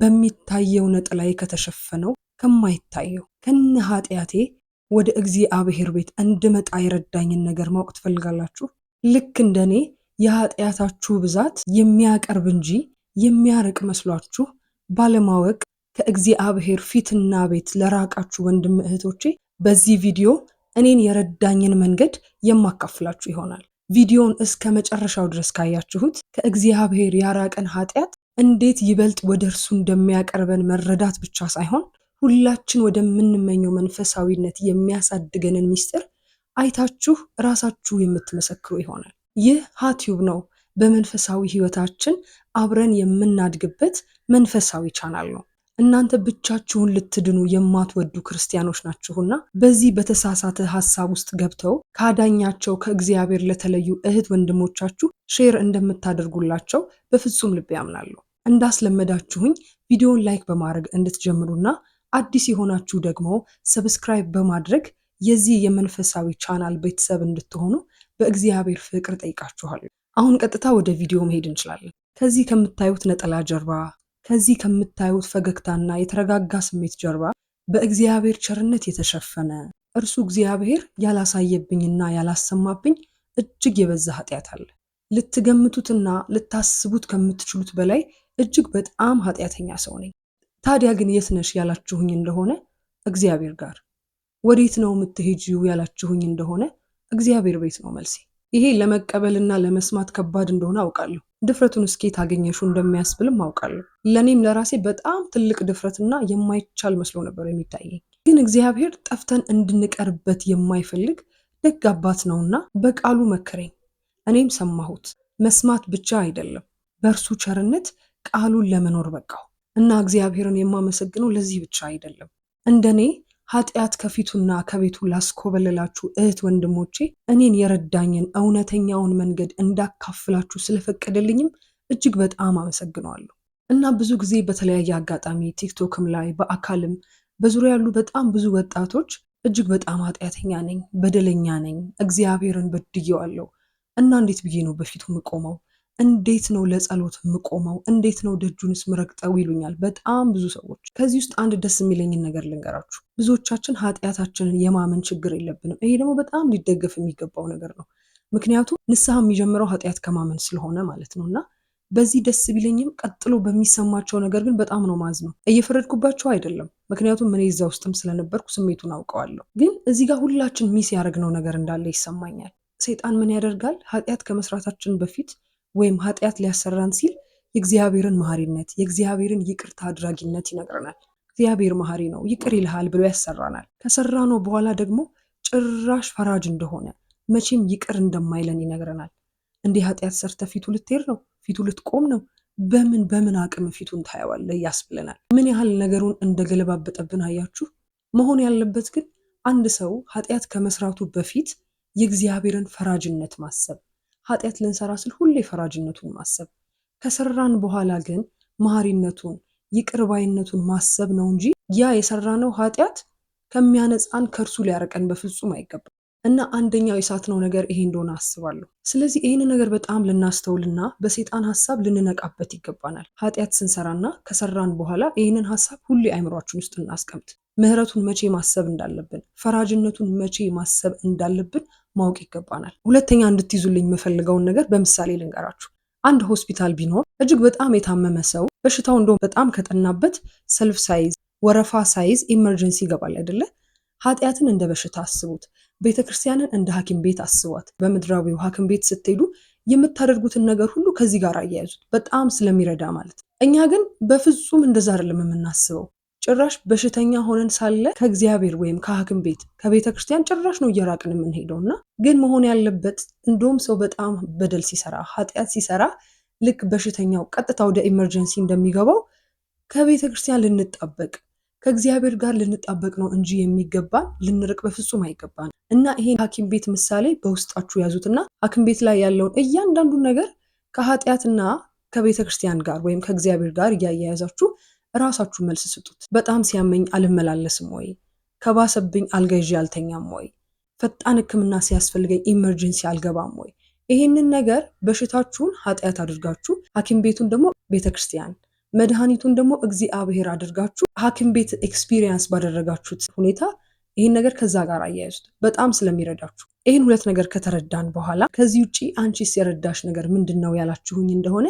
በሚታየው ላይ ከተሸፈነው ከማይታየው ከነ ኃጢአቴ ወደ እግዚአብሔር ቤት እንድመጣ የረዳኝን ነገር ማወቅ ትፈልጋላችሁ? ልክ እንደ እኔ የኃጢአታችሁ ብዛት የሚያቀርብ እንጂ የሚያርቅ መስሏችሁ ባለማወቅ ከእግዚአብሔር ፊትና ቤት ለራቃችሁ ወንድም እህቶቼ በዚህ ቪዲዮ እኔን የረዳኝን መንገድ የማካፍላችሁ ይሆናል። ቪዲዮውን እስከ መጨረሻው ድረስ ካያችሁት ከእግዚአብሔር ያራቀን ኃጢአት እንዴት ይበልጥ ወደ እርሱ እንደሚያቀርበን መረዳት ብቻ ሳይሆን ሁላችን ወደምንመኘው መንፈሳዊነት የሚያሳድገንን ምስጢር አይታችሁ ራሳችሁ የምትመሰክሩ ይሆናል። ይህ ሀቲዩብ ነው። በመንፈሳዊ ህይወታችን አብረን የምናድግበት መንፈሳዊ ቻናል ነው። እናንተ ብቻችሁን ልትድኑ የማትወዱ ክርስቲያኖች ናችሁና በዚህ በተሳሳተ ሀሳብ ውስጥ ገብተው ካዳኛቸው ከእግዚአብሔር ለተለዩ እህት ወንድሞቻችሁ ሼር እንደምታደርጉላቸው በፍጹም ልብ ያምናለሁ። እንዳስለመዳችሁኝ ቪዲዮን ላይክ በማድረግ እንድትጀምሩና አዲስ የሆናችሁ ደግሞ ሰብስክራይብ በማድረግ የዚህ የመንፈሳዊ ቻናል ቤተሰብ እንድትሆኑ በእግዚአብሔር ፍቅር ጠይቃችኋለሁ። አሁን ቀጥታ ወደ ቪዲዮ መሄድ እንችላለን። ከዚህ ከምታዩት ነጠላ ጀርባ፣ ከዚህ ከምታዩት ፈገግታና የተረጋጋ ስሜት ጀርባ በእግዚአብሔር ቸርነት የተሸፈነ እርሱ እግዚአብሔር ያላሳየብኝና ያላሰማብኝ እጅግ የበዛ ኃጢአት አለ። ልትገምቱትና ልታስቡት ከምትችሉት በላይ እጅግ በጣም ኃጢአተኛ ሰው ነኝ። ታዲያ ግን የት ነሽ ያላችሁኝ እንደሆነ እግዚአብሔር ጋር፣ ወዴት ነው የምትሄጂው ያላችሁኝ እንደሆነ እግዚአብሔር ቤት ነው መልሴ። ይሄ ለመቀበልና ለመስማት ከባድ እንደሆነ አውቃለሁ። ድፍረቱን እስኪ ታገኘሹ እንደሚያስብልም አውቃለሁ። ለእኔም ለራሴ በጣም ትልቅ ድፍረትና የማይቻል መስሎ ነበር የሚታየኝ። ግን እግዚአብሔር ጠፍተን እንድንቀርበት የማይፈልግ ደግ አባት ነውና በቃሉ መከረኝ። እኔም ሰማሁት። መስማት ብቻ አይደለም፣ በእርሱ ቸርነት ቃሉን ለመኖር በቃው እና እግዚአብሔርን የማመሰግነው ለዚህ ብቻ አይደለም። እንደኔ ኃጢአት ከፊቱና ከቤቱ ላስኮበለላችሁ እህት ወንድሞቼ እኔን የረዳኝን እውነተኛውን መንገድ እንዳካፍላችሁ ስለፈቀደልኝም እጅግ በጣም አመሰግነዋለሁ። እና ብዙ ጊዜ በተለያየ አጋጣሚ ቲክቶክም ላይ በአካልም በዙሪያ ያሉ በጣም ብዙ ወጣቶች እጅግ በጣም ኃጢአተኛ ነኝ፣ በደለኛ ነኝ፣ እግዚአብሔርን በድየዋለሁ እና እንዴት ብዬ ነው በፊቱ የምቆመው እንዴት ነው ለጸሎት የምቆመው? እንዴት ነው ደጁንስ ምረግጠው? ይሉኛል በጣም ብዙ ሰዎች። ከዚህ ውስጥ አንድ ደስ የሚለኝን ነገር ልንገራችሁ። ብዙዎቻችን ኃጢአታችንን የማመን ችግር የለብንም። ይሄ ደግሞ በጣም ሊደገፍ የሚገባው ነገር ነው። ምክንያቱም ንስሐ የሚጀምረው ኃጢአት ከማመን ስለሆነ ማለት ነው እና በዚህ ደስ ቢለኝም ቀጥሎ በሚሰማቸው ነገር ግን በጣም ነው ማዝ ነው። እየፈረድኩባቸው አይደለም፣ ምክንያቱም እኔ እዛ ውስጥም ስለነበርኩ ስሜቱን አውቀዋለሁ። ግን እዚህ ጋር ሁላችን ሚስ ያደረግነው ነገር እንዳለ ይሰማኛል። ሰይጣን ምን ያደርጋል? ኃጢአት ከመስራታችን በፊት ወይም ኃጢአት ሊያሰራን ሲል የእግዚአብሔርን መሐሪነት የእግዚአብሔርን ይቅርታ አድራጊነት ይነግረናል። እግዚአብሔር መሐሪ ነው፣ ይቅር ይልሃል ብሎ ያሰራናል። ከሰራ ነው በኋላ ደግሞ ጭራሽ ፈራጅ እንደሆነ መቼም ይቅር እንደማይለን ይነግረናል። እንዲህ ኃጢአት ሰርተ ፊቱ ልትሄድ ነው፣ ፊቱ ልትቆም ነው፣ በምን በምን አቅም ፊቱን ታየዋለህ ያስብለናል። ምን ያህል ነገሩን እንደገለባበጠብን አያችሁ። መሆን ያለበት ግን አንድ ሰው ኃጢአት ከመስራቱ በፊት የእግዚአብሔርን ፈራጅነት ማሰብ ኃጢአት ልንሰራ ስል ሁሌ ፈራጅነቱን ማሰብ፣ ከሰራን በኋላ ግን መሐሪነቱን ይቅርባይነቱን ማሰብ ነው እንጂ ያ የሰራነው ኃጢአት ከሚያነጻን ከእርሱ ሊያርቀን በፍጹም አይገባም። እና አንደኛው የሳትነው ነገር ይሄ እንደሆነ አስባለሁ። ስለዚህ ይህን ነገር በጣም ልናስተውልና በሴጣን ሀሳብ ልንነቃበት ይገባናል። ኃጢአት ስንሰራና ከሰራን በኋላ ይህንን ሀሳብ ሁሌ አይምሯችን ውስጥ እናስቀምጥ። ምህረቱን መቼ ማሰብ እንዳለብን፣ ፈራጅነቱን መቼ ማሰብ እንዳለብን ማወቅ ይገባናል። ሁለተኛ እንድትይዙልኝ የምፈልገውን ነገር በምሳሌ ልንገራችሁ። አንድ ሆስፒታል ቢኖር እጅግ በጣም የታመመ ሰው በሽታው እንደውም በጣም ከጠናበት ሰልፍ ሳይዝ ወረፋ ሳይዝ ኢመርጀንሲ ይገባል አይደለ? ኃጢአትን እንደ በሽታ አስቡት። ቤተ ክርስቲያንን እንደ ሐኪም ቤት አስቧት። በምድራዊው ሐኪም ቤት ስትሄዱ የምታደርጉትን ነገር ሁሉ ከዚህ ጋር አያያዙት፣ በጣም ስለሚረዳ ማለት። እኛ ግን በፍጹም እንደዛ አይደለም የምናስበው። ጭራሽ በሽተኛ ሆነን ሳለ ከእግዚአብሔር ወይም ከሐኪም ቤት ከቤተ ክርስቲያን ጭራሽ ነው እየራቅን የምንሄደው። እና ግን መሆን ያለበት እንደውም ሰው በጣም በደል ሲሰራ ኃጢአት ሲሰራ ልክ በሽተኛው ቀጥታ ወደ ኢመርጀንሲ እንደሚገባው ከቤተ ክርስቲያን ልንጣበቅ ከእግዚአብሔር ጋር ልንጣበቅ ነው እንጂ የሚገባን ልንርቅ በፍጹም አይገባን። እና ይሄ ሐኪም ቤት ምሳሌ በውስጣችሁ ያዙትና ሐኪም ቤት ላይ ያለውን እያንዳንዱን ነገር ከኃጢአትና ከቤተ ክርስቲያን ጋር ወይም ከእግዚአብሔር ጋር እያያያዛችሁ ራሳችሁ መልስ ስጡት። በጣም ሲያመኝ አልመላለስም ወይ? ከባሰብኝ አልጋ ያልተኛም አልተኛም ወይ? ፈጣን ሕክምና ሲያስፈልገኝ ኢመርጀንሲ አልገባም ወይ? ይህንን ነገር በሽታችሁን ኃጢአት አድርጋችሁ ሐኪም ቤቱን ደግሞ ቤተ ክርስቲያን መድኃኒቱን ደግሞ እግዚአብሔር አድርጋችሁ ሐኪም ቤት ኤክስፒሪየንስ ባደረጋችሁት ሁኔታ ይህን ነገር ከዛ ጋር አያይዙት በጣም ስለሚረዳችሁ። ይህን ሁለት ነገር ከተረዳን በኋላ ከዚህ ውጭ አንቺስ የረዳሽ ነገር ምንድን ነው ያላችሁኝ እንደሆነ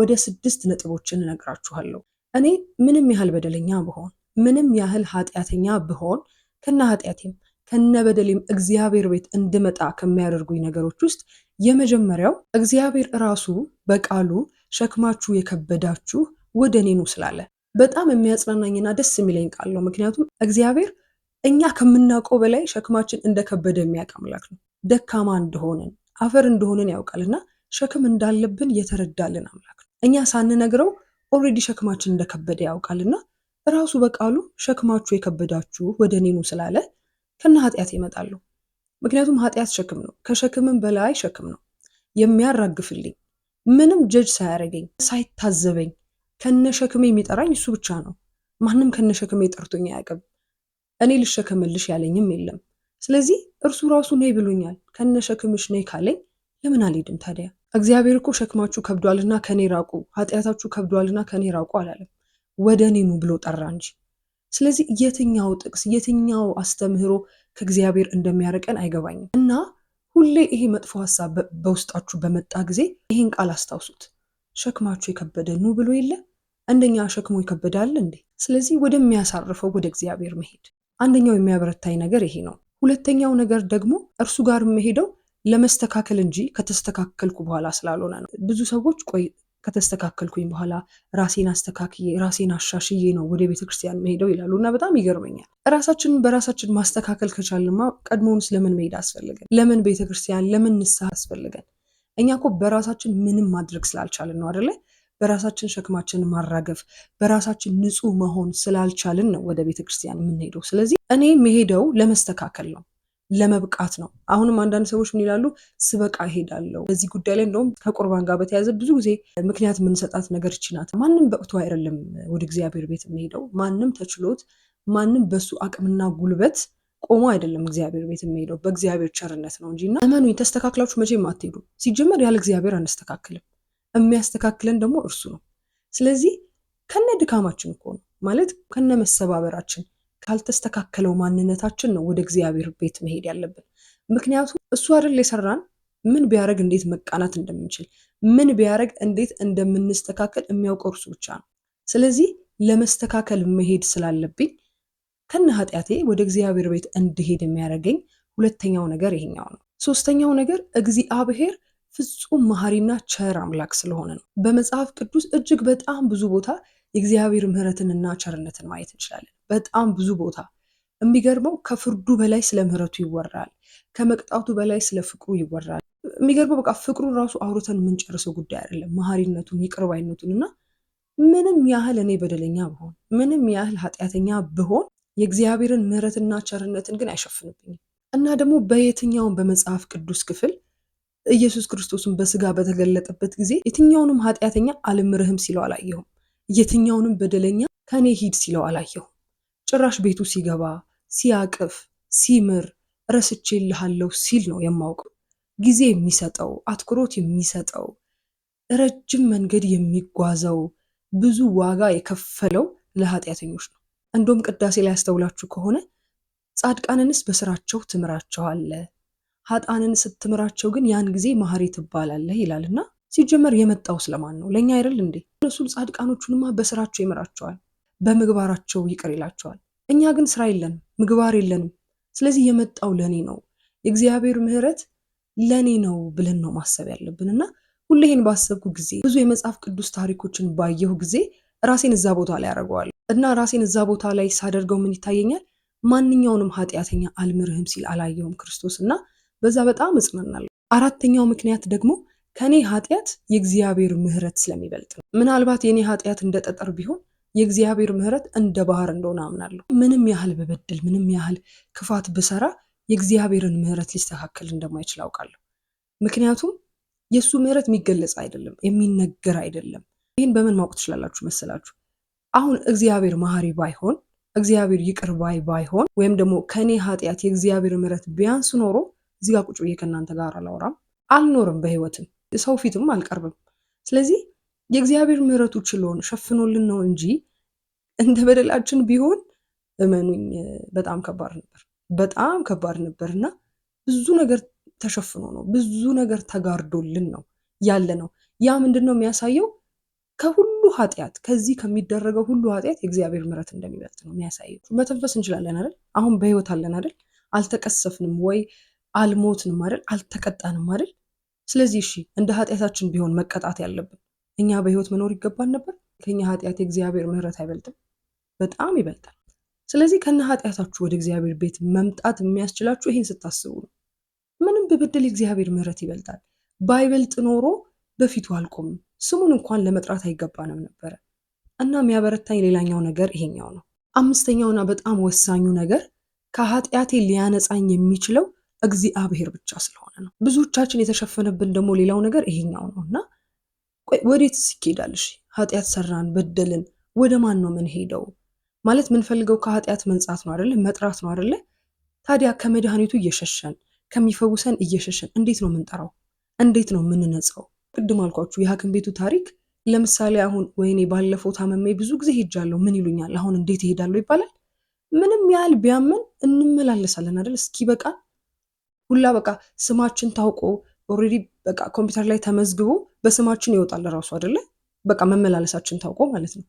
ወደ ስድስት ነጥቦችን እነግራችኋለሁ። እኔ ምንም ያህል በደለኛ ብሆን ምንም ያህል ኃጢአተኛ ብሆን ከነ ኃጢአቴም ከነ በደሌም እግዚአብሔር ቤት እንድመጣ ከሚያደርጉኝ ነገሮች ውስጥ የመጀመሪያው እግዚአብሔር ራሱ በቃሉ ሸክማችሁ የከበዳችሁ ወደ እኔ ነው ስላለ በጣም የሚያጽናናኝና ደስ የሚለኝ ቃል ነው። ምክንያቱም እግዚአብሔር እኛ ከምናውቀው በላይ ሸክማችን እንደከበደ የሚያውቅ አምላክ ነው። ደካማ እንደሆንን አፈር እንደሆንን ያውቃልና ሸክም እንዳለብን የተረዳልን አምላክ ነው። እኛ ሳንነግረው ኦልሬዲ ሸክማችን እንደከበደ ያውቃልና ራሱ በቃሉ ሸክማችሁ የከበዳችሁ ወደ እኔ ስላለ ከነ ኃጢአት ይመጣሉ። ምክንያቱም ኃጢአት ሸክም ነው፣ ከሸክምም በላይ ሸክም ነው። የሚያራግፍልኝ ምንም ጀጅ ሳያደርገኝ ሳይታዘበኝ ከነ ሸክሜ የሚጠራኝ እሱ ብቻ ነው። ማንም ከነ ሸክሜ ጠርቶኝ አያውቅም። እኔ ልሸከምልሽ ያለኝም የለም። ስለዚህ እርሱ ራሱ ነይ ብሎኛል። ከነ ሸክምሽ ነይ ካለኝ ለምን አልሄድም ታዲያ? እግዚአብሔር እኮ ሸክማችሁ ከብዷልና ከኔ ራቁ፣ ኃጢአታችሁ ከብዷልና ከኔ ራቁ አላለም። ወደ እኔ ኑ ብሎ ጠራ እንጂ። ስለዚህ የትኛው ጥቅስ የትኛው አስተምህሮ ከእግዚአብሔር እንደሚያርቀን አይገባኝም። እና ሁሌ ይሄ መጥፎ ሀሳብ በውስጣችሁ በመጣ ጊዜ ይህን ቃል አስታውሱት። ሸክማችሁ የከበደ ኑ ብሎ የለ እንደኛ ሸክሞ ይከበዳል እንዴ? ስለዚህ ወደሚያሳርፈው ወደ እግዚአብሔር መሄድ አንደኛው የሚያበረታኝ ነገር ይሄ ነው። ሁለተኛው ነገር ደግሞ እርሱ ጋር የምሄደው ለመስተካከል እንጂ ከተስተካከልኩ በኋላ ስላልሆነ ነው። ብዙ ሰዎች ቆይ ከተስተካከልኩኝ በኋላ ራሴን አስተካክዬ ራሴን አሻሽዬ ነው ወደ ቤተ ክርስቲያን መሄደው ይላሉ እና በጣም ይገርመኛል። ራሳችንን በራሳችን ማስተካከል ከቻልማ ቀድሞውንስ ለምን መሄድ አስፈልገን? ለምን ቤተ ክርስቲያን ለምን ንስሐ አስፈልገን? እኛ እኮ በራሳችን ምንም ማድረግ ስላልቻልን ነው አደለ? በራሳችን ሸክማችንን ማራገፍ በራሳችን ንጹህ መሆን ስላልቻልን ነው ወደ ቤተ ክርስቲያን የምንሄደው። ስለዚህ እኔ መሄደው ለመስተካከል ነው። ለመብቃት ነው። አሁንም አንዳንድ ሰዎች ምን ይላሉ? ስበቃ እሄዳለሁ። በዚህ ጉዳይ ላይ እንደውም ከቁርባን ጋር በተያያዘ ብዙ ጊዜ ምክንያት የምንሰጣት ነገር ይችናት። ማንም በቅቶ አይደለም ወደ እግዚአብሔር ቤት የሚሄደው። ማንም ተችሎት፣ ማንም በሱ አቅምና ጉልበት ቆሞ አይደለም እግዚአብሔር ቤት የሚሄደው በእግዚአብሔር ቸርነት ነው እንጂ እና እመኑኝ፣ ተስተካክላችሁ መቼም አትሄዱ። ሲጀመር ያለ እግዚአብሔር አንስተካክልም። የሚያስተካክለን ደግሞ እርሱ ነው። ስለዚህ ከነ ድካማችን እኮ ነው ማለት ከነ መሰባበራችን ካልተስተካከለው ማንነታችን ነው ወደ እግዚአብሔር ቤት መሄድ ያለብን። ምክንያቱም እሱ አይደል የሰራን። ምን ቢያደረግ እንዴት መቃናት እንደምንችል ምን ቢያደረግ እንዴት እንደምንስተካከል የሚያውቀው እርሱ ብቻ ነው። ስለዚህ ለመስተካከል መሄድ ስላለብኝ ከነ ኃጢአቴ ወደ እግዚአብሔር ቤት እንድሄድ የሚያደርገኝ ሁለተኛው ነገር ይሄኛው ነው። ሶስተኛው ነገር እግዚአብሔር ፍጹም መሐሪና ቸር አምላክ ስለሆነ ነው። በመጽሐፍ ቅዱስ እጅግ በጣም ብዙ ቦታ የእግዚአብሔር ምሕረትንና ቸርነትን ማየት እንችላለን። በጣም ብዙ ቦታ የሚገርመው ከፍርዱ በላይ ስለ ምህረቱ ይወራል። ከመቅጣቱ በላይ ስለ ፍቅሩ ይወራል። የሚገርመው በቃ ፍቅሩን ራሱ አውርተን የምንጨርሰው ጉዳይ አይደለም። መሀሪነቱን ይቅርባይነቱን እና ምንም ያህል እኔ በደለኛ ብሆን ምንም ያህል ኃጢአተኛ ብሆን የእግዚአብሔርን ምህረትና ቸርነትን ግን አይሸፍንብኝም። እና ደግሞ በየትኛውም በመጽሐፍ ቅዱስ ክፍል ኢየሱስ ክርስቶስን በስጋ በተገለጠበት ጊዜ የትኛውንም ኃጢአተኛ አልምርህም ሲለው አላየሁም። የትኛውንም በደለኛ ከኔ ሂድ ሲለው አላየሁ። ጭራሽ ቤቱ ሲገባ ሲያቅፍ ሲምር ረስቼ ረስቼልሃለሁ ሲል ነው የማውቀው። ጊዜ የሚሰጠው አትኩሮት የሚሰጠው ረጅም መንገድ የሚጓዘው ብዙ ዋጋ የከፈለው ለኃጢአተኞች ነው። እንደውም ቅዳሴ ላይ ያስተውላችሁ ከሆነ ጻድቃንንስ በስራቸው ትምራቸዋለህ፣ ሀጣንን ስትምራቸው ግን ያን ጊዜ መሐሪ ትባላለህ ይላልና ሲጀመር የመጣው ስለማን ነው? ለእኛ አይደል እንዴ? እነሱም ጻድቃኖቹንማ በስራቸው ይምራቸዋል፣ በምግባራቸው ይቅር ይላቸዋል። እኛ ግን ስራ የለንም፣ ምግባር የለንም። ስለዚህ የመጣው ለእኔ ነው፣ የእግዚአብሔር ምህረት ለእኔ ነው ብለን ነው ማሰብ ያለብን እና ሁሌ ይሄን ባሰብኩ ጊዜ ብዙ የመጽሐፍ ቅዱስ ታሪኮችን ባየሁ ጊዜ ራሴን እዛ ቦታ ላይ አደርገዋለሁ እና ራሴን እዛ ቦታ ላይ ሳደርገው ምን ይታየኛል? ማንኛውንም ኃጢአተኛ አልምርህም ሲል አላየሁም ክርስቶስ እና በዛ በጣም እጽናናለሁ። አራተኛው ምክንያት ደግሞ ከእኔ ኃጢአት የእግዚአብሔር ምሕረት ስለሚበልጥ ነው። ምናልባት የእኔ ኃጢአት እንደ ጠጠር ቢሆን የእግዚአብሔር ምሕረት እንደ ባህር እንደሆነ አምናለሁ። ምንም ያህል ብበድል፣ ምንም ያህል ክፋት ብሰራ የእግዚአብሔርን ምሕረት ሊስተካከል እንደማይችል አውቃለሁ። ምክንያቱም የእሱ ምሕረት የሚገለጽ አይደለም፣ የሚነገር አይደለም። ይህን በምን ማወቅ ትችላላችሁ መሰላችሁ? አሁን እግዚአብሔር መሐሪ ባይሆን እግዚአብሔር ይቅር ባይ ባይሆን ወይም ደግሞ ከእኔ ኃጢአት የእግዚአብሔር ምሕረት ቢያንስ ኖሮ እዚጋ ቁጭ ብዬ ከእናንተ ጋር አላወራም፣ አልኖርም በህይወትም ሰው ፊትም አልቀርብም። ስለዚህ የእግዚአብሔር ምሕረቱ ችሎን ሸፍኖልን ነው እንጂ እንደ በደላችን ቢሆን እመኑኝ በጣም ከባድ ነበር፣ በጣም ከባድ ነበር እና ብዙ ነገር ተሸፍኖ ነው፣ ብዙ ነገር ተጋርዶልን ነው ያለ ነው። ያ ምንድን ነው የሚያሳየው? ከሁሉ ኃጢአት ከዚህ ከሚደረገው ሁሉ ኃጢአት የእግዚአብሔር ምሕረት እንደሚበልጥ ነው የሚያሳየው። መተንፈስ እንችላለን አይደል? አሁን በህይወት አለን አይደል? አልተቀሰፍንም ወይ አልሞትንም አይደል? አልተቀጣንም አይደል? ስለዚህ እሺ እንደ ኃጢአታችን ቢሆን መቀጣት ያለብን እኛ በህይወት መኖር ይገባል ነበር? ከኛ ኃጢአት የእግዚአብሔር ምህረት አይበልጥም? በጣም ይበልጣል። ስለዚህ ከነ ኃጢአታችሁ ወደ እግዚአብሔር ቤት መምጣት የሚያስችላችሁ ይህን ስታስቡ ነው። ምንም ብበደል የእግዚአብሔር ምህረት ይበልጣል። ባይበልጥ ኖሮ በፊቱ አልቆምም፣ ስሙን እንኳን ለመጥራት አይገባንም ነበረ። እና የሚያበረታኝ ሌላኛው ነገር ይሄኛው ነው። አምስተኛውና በጣም ወሳኙ ነገር ከኃጢአቴ ሊያነጻኝ የሚችለው እግዚአብሔር ብቻ ስለሆነ ነው። ብዙዎቻችን የተሸፈነብን ደግሞ ሌላው ነገር ይሄኛው ነው እና ወዴት ይኬዳልሽ? ኃጢአት ሰራን፣ በደልን፣ ወደ ማን ነው ሄደው ማለት ምንፈልገው ከኃጢአት መንጻት ነው አደለ? መጥራት ነው አደለ? ታዲያ ከመድኃኒቱ እየሸሸን ከሚፈውሰን እየሸሸን እንዴት ነው ምንጠራው? እንዴት ነው ምንነጻው? ቅድም አልኳችሁ የሐኪም ቤቱ ታሪክ ለምሳሌ አሁን ወይኔ ባለፈው ታመሜ ብዙ ጊዜ ሄጃለሁ፣ ምን ይሉኛል፣ አሁን እንዴት ይሄዳለሁ ይባላል። ምንም ያህል ቢያምን እንመላለሳለን አደል? እስኪ በቃ ሁላ በቃ ስማችን ታውቆ ኦልሬዲ በቃ ኮምፒውተር ላይ ተመዝግቦ በስማችን ይወጣል ራሱ አደለ በቃ መመላለሳችን ታውቆ ማለት ነው።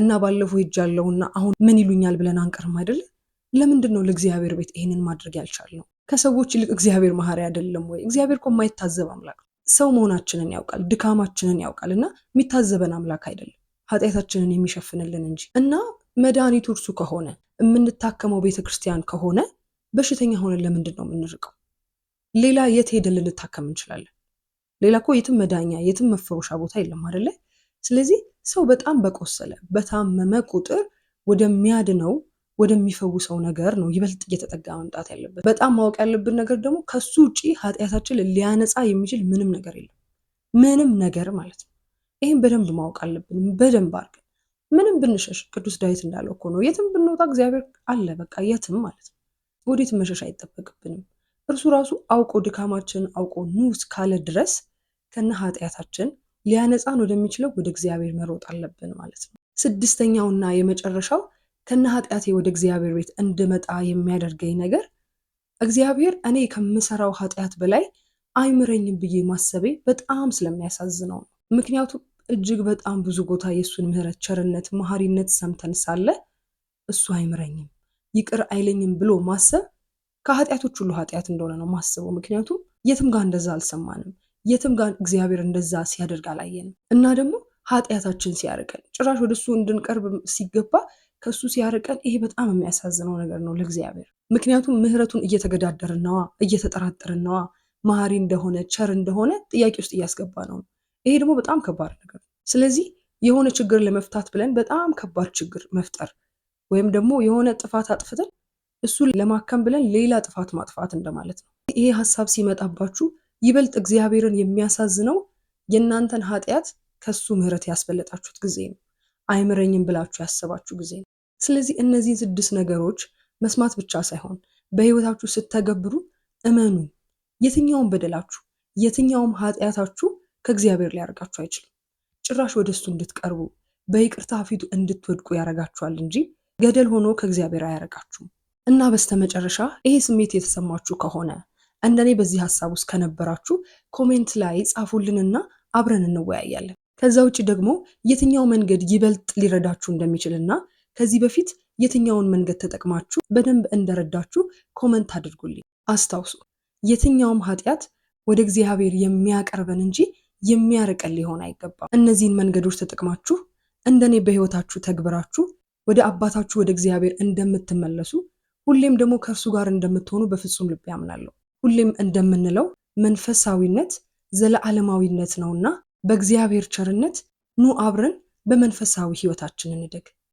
እና ባለፈው ሄጅ ያለውና አሁን ምን ይሉኛል ብለን አንቀርም አይደለ? ለምንድን ነው ለእግዚአብሔር ቤት ይሄንን ማድረግ ነው ከሰዎች ይልቅ እግዚአብሔር መሐሪ አይደለም ወይ? እግዚአብሔር እኮ የማይታዘብ አምላክ ሰው መሆናችንን ያውቃል፣ ድካማችንን ያውቃል። እና የሚታዘበን አምላክ አይደለም፣ ኃጢአታችንን የሚሸፍንልን እንጂ። እና መድኃኒቱ እርሱ ከሆነ የምንታከመው ቤተክርስቲያን ከሆነ በሽተኛ ሆነን ለምንድን ነው የምንርቀው? ሌላ የት ሄደን ልንታከም እንችላለን? ሌላ እኮ የትም መዳኛ የትም መፈወሻ ቦታ የለም አይደለ? ስለዚህ ሰው በጣም በቆሰለ በታመመ ቁጥር ወደሚያድነው ወደሚፈውሰው ነገር ነው ይበልጥ እየተጠጋ መምጣት ያለበት። በጣም ማወቅ ያለብን ነገር ደግሞ ከሱ ውጪ ኃጢአታችን ሊያነጻ የሚችል ምንም ነገር የለም፣ ምንም ነገር ማለት ነው። ይህም በደንብ ማወቅ አለብን፣ በደንብ አድርገን ምንም ብንሸሽ፣ ቅዱስ ዳዊት እንዳለው እኮ ነው የትም ብንወጣ እግዚአብሔር አለ፣ በቃ የትም ማለት ነው። ወዴትም መሸሽ አይጠበቅብንም። እርሱ ራሱ አውቆ ድካማችን አውቆ ኑ እስካለ ድረስ ከነ ኃጢአታችን ሊያነጻን ወደሚችለው ወደ እግዚአብሔር መሮጥ አለብን ማለት ነው። ስድስተኛውና የመጨረሻው ከነ ኃጢአቴ ወደ እግዚአብሔር ቤት እንድመጣ የሚያደርገኝ ነገር እግዚአብሔር እኔ ከምሰራው ኃጢአት በላይ አይምረኝም ብዬ ማሰቤ በጣም ስለሚያሳዝነው ነው። ምክንያቱም እጅግ በጣም ብዙ ቦታ የእሱን ምሕረት፣ ቸርነት፣ መሐሪነት ሰምተን ሳለ እሱ አይምረኝም ይቅር አይለኝም ብሎ ማሰብ ከኃጢአቶች ሁሉ ኃጢአት እንደሆነ ነው ማስበው። ምክንያቱም የትም ጋር እንደዛ አልሰማንም፣ የትም ጋር እግዚአብሔር እንደዛ ሲያደርግ አላየንም። እና ደግሞ ኃጢአታችን ሲያርቀን ጭራሽ ወደ እንድንቀርብ ሲገባ ከእሱ ሲያርቀን፣ ይሄ በጣም የሚያሳዝነው ነገር ነው ለእግዚአብሔር። ምክንያቱም ምህረቱን እየተገዳደርነዋ እየተጠራጠርነዋ እየተጠራጠርን መሐሪ እንደሆነ ቸር እንደሆነ ጥያቄ ውስጥ እያስገባ ነው። ይሄ ደግሞ በጣም ከባድ ነገር ነው። ስለዚህ የሆነ ችግር ለመፍታት ብለን በጣም ከባድ ችግር መፍጠር ወይም ደግሞ የሆነ ጥፋት አጥፍተን እሱ ለማከም ብለን ሌላ ጥፋት ማጥፋት እንደማለት ነው። ይሄ ሀሳብ ሲመጣባችሁ ይበልጥ እግዚአብሔርን የሚያሳዝነው የእናንተን ኃጢአት ከሱ ምሕረት ያስበለጣችሁት ጊዜ ነው። አይምረኝም ብላችሁ ያሰባችሁ ጊዜ ነው። ስለዚህ እነዚህን ስድስት ነገሮች መስማት ብቻ ሳይሆን በህይወታችሁ ስተገብሩ እመኑ፣ የትኛውም በደላችሁ፣ የትኛውም ኃጢአታችሁ ከእግዚአብሔር ሊያደርጋችሁ አይችልም። ጭራሽ ወደ እሱ እንድትቀርቡ በይቅርታ ፊቱ እንድትወድቁ ያደርጋችኋል እንጂ ገደል ሆኖ ከእግዚአብሔር አያደርጋችሁም። እና በስተመጨረሻ ይሄ ስሜት የተሰማችሁ ከሆነ እንደኔ በዚህ ሀሳብ ውስጥ ከነበራችሁ ኮሜንት ላይ ጻፉልንና አብረን እንወያያለን። ከዛ ውጭ ደግሞ የትኛው መንገድ ይበልጥ ሊረዳችሁ እንደሚችልና ከዚህ በፊት የትኛውን መንገድ ተጠቅማችሁ በደንብ እንደረዳችሁ ኮመንት አድርጉልኝ። አስታውሱ የትኛውም ኃጢአት ወደ እግዚአብሔር የሚያቀርበን እንጂ የሚያርቀን ሊሆን አይገባም። እነዚህን መንገዶች ተጠቅማችሁ እንደኔ በህይወታችሁ ተግብራችሁ ወደ አባታችሁ ወደ እግዚአብሔር እንደምትመለሱ ሁሌም ደግሞ ከእርሱ ጋር እንደምትሆኑ በፍጹም ልብ ያምናለሁ። ሁሌም እንደምንለው መንፈሳዊነት ዘለዓለማዊነት ነውና በእግዚአብሔር ቸርነት ኑ አብረን በመንፈሳዊ ሕይወታችን እንደግ።